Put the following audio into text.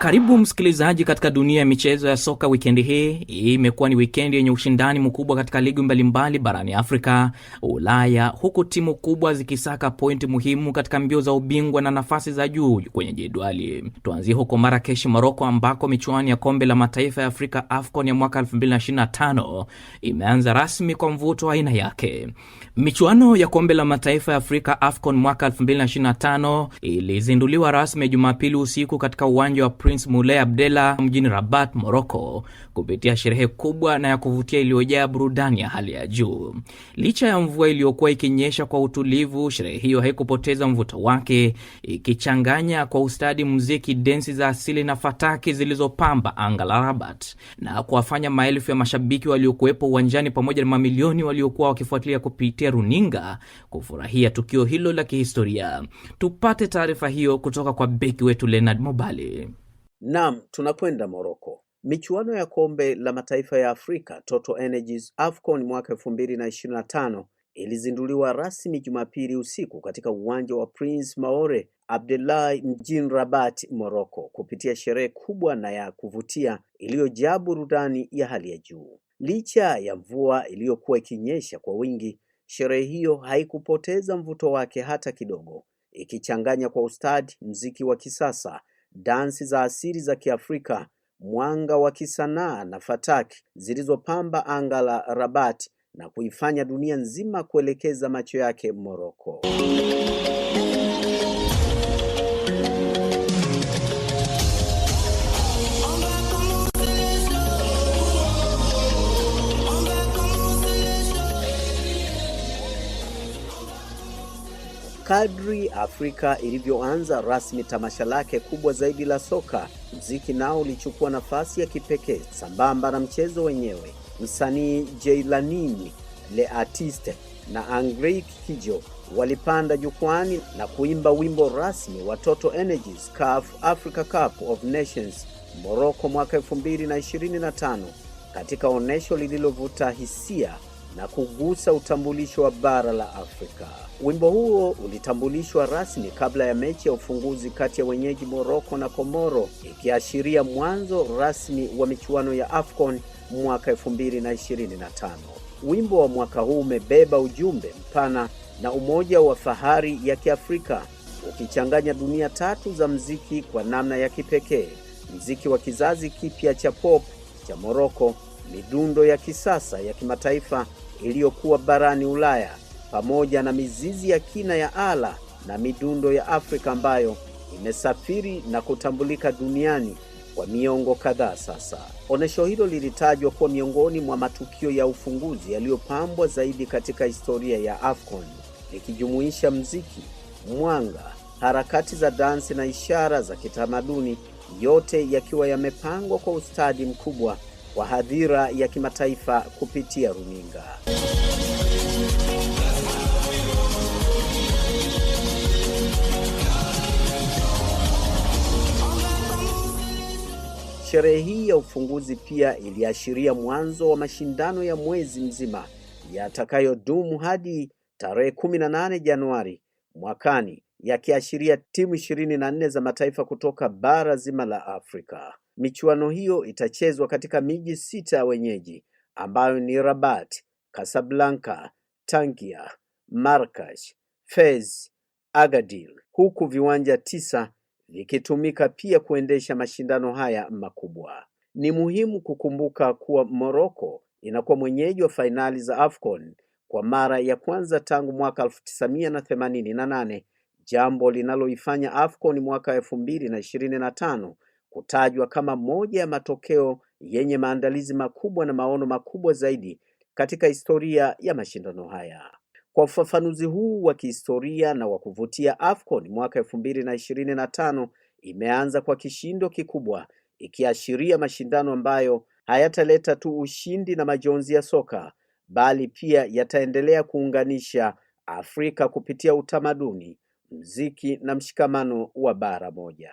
Karibu msikilizaji katika dunia ya michezo ya soka wikendi hii. Hii imekuwa ni wikendi yenye ushindani mkubwa katika ligi mbalimbali barani Afrika, Ulaya, huku timu kubwa zikisaka pointi muhimu katika mbio za ubingwa na nafasi za juu kwenye jedwali. Tuanzie huko Marakesh, Moroko, ambako michuano ya kombe la mataifa ya Afrika AFCON ya mwaka 2025 imeanza rasmi kwa mvuto wa aina yake. Michuano ya kombe la mataifa ya Afrika AFCON mwaka 2025 ilizinduliwa rasmi Jumapili usiku katika uwanja wa Prince Mule Abdella mjini Rabat, Morocco, kupitia sherehe kubwa na ya kuvutia iliyojaa burudani ya hali ya juu. Licha ya mvua iliyokuwa ikinyesha kwa utulivu, sherehe hiyo haikupoteza mvuto wake, ikichanganya kwa ustadi muziki, densi za asili na fataki zilizopamba anga la Rabat na kuwafanya maelfu ya mashabiki waliokuwepo uwanjani pamoja na mamilioni waliokuwa wakifuatilia kupitia runinga kufurahia tukio hilo la kihistoria. Tupate taarifa hiyo kutoka kwa beki wetu Leonard Mobali. Naam, tunakwenda moroko Michuano ya kombe la mataifa ya Afrika Total Energies AFCON mwaka 2025 ilizinduliwa rasmi Jumapili usiku katika uwanja wa Prince Maore Abdullahi mjini Rabat, Moroko, kupitia sherehe kubwa na ya kuvutia iliyojaa burudani ya hali ya juu. Licha ya mvua iliyokuwa ikinyesha kwa wingi, sherehe hiyo haikupoteza mvuto wake hata kidogo, ikichanganya kwa ustadi mziki wa kisasa dansi za asili za Kiafrika, mwanga wa kisanaa na fataki zilizopamba anga la Rabat na kuifanya dunia nzima kuelekeza macho yake Moroko. Kadri Afrika ilivyoanza rasmi tamasha lake kubwa zaidi la soka, mziki nao ulichukua nafasi ya kipekee sambamba na mchezo wenyewe. Msanii Jeilanini Le Artiste na Angelique Kidjo walipanda jukwani na kuimba wimbo rasmi wa Total Energies CAF Africa Cup of Nations Morocco mwaka 2025 katika onyesho lililovuta hisia na kugusa utambulisho wa bara la Afrika. Wimbo huo ulitambulishwa rasmi kabla ya mechi ya ufunguzi kati ya wenyeji Moroko na Komoro, ikiashiria mwanzo rasmi wa michuano ya AFCON mwaka 2025. Wimbo wa mwaka huu umebeba ujumbe mpana na umoja wa fahari ya Kiafrika, ukichanganya dunia tatu za mziki kwa namna ya kipekee: mziki wa kizazi kipya cha pop cha Moroko midundo ya kisasa ya kimataifa iliyokuwa barani Ulaya pamoja na mizizi ya kina ya ala na midundo ya Afrika ambayo imesafiri na kutambulika duniani kwa miongo kadhaa sasa. Onesho hilo lilitajwa kuwa miongoni mwa matukio ya ufunguzi yaliyopambwa zaidi katika historia ya AFCON, likijumuisha mziki, mwanga, harakati za dansi na ishara za kitamaduni, yote yakiwa yamepangwa kwa ustadi mkubwa wa hadhira ya kimataifa kupitia runinga. Sherehe hii ya ufunguzi pia iliashiria mwanzo wa mashindano ya mwezi mzima yatakayodumu hadi tarehe 18 Januari mwakani, yakiashiria timu 24 za mataifa kutoka bara zima la Afrika. Michuano hiyo itachezwa katika miji sita ya wenyeji ambayo ni Rabat, Casablanca, Tangier, Marrakech, Fez, Agadir, huku viwanja tisa vikitumika pia kuendesha mashindano haya makubwa. Ni muhimu kukumbuka kuwa Morocco inakuwa mwenyeji wa fainali za AFCON kwa mara ya kwanza tangu mwaka 1988, jambo linaloifanya AFCON mwaka 2025 kutajwa kama moja ya matokeo yenye maandalizi makubwa na maono makubwa zaidi katika historia ya mashindano haya. Kwa ufafanuzi huu wa kihistoria na wa kuvutia, AFCON mwaka elfu mbili na ishirini na tano imeanza kwa kishindo kikubwa, ikiashiria mashindano ambayo hayataleta tu ushindi na majonzi ya soka, bali pia yataendelea kuunganisha Afrika kupitia utamaduni, mziki na mshikamano wa bara moja.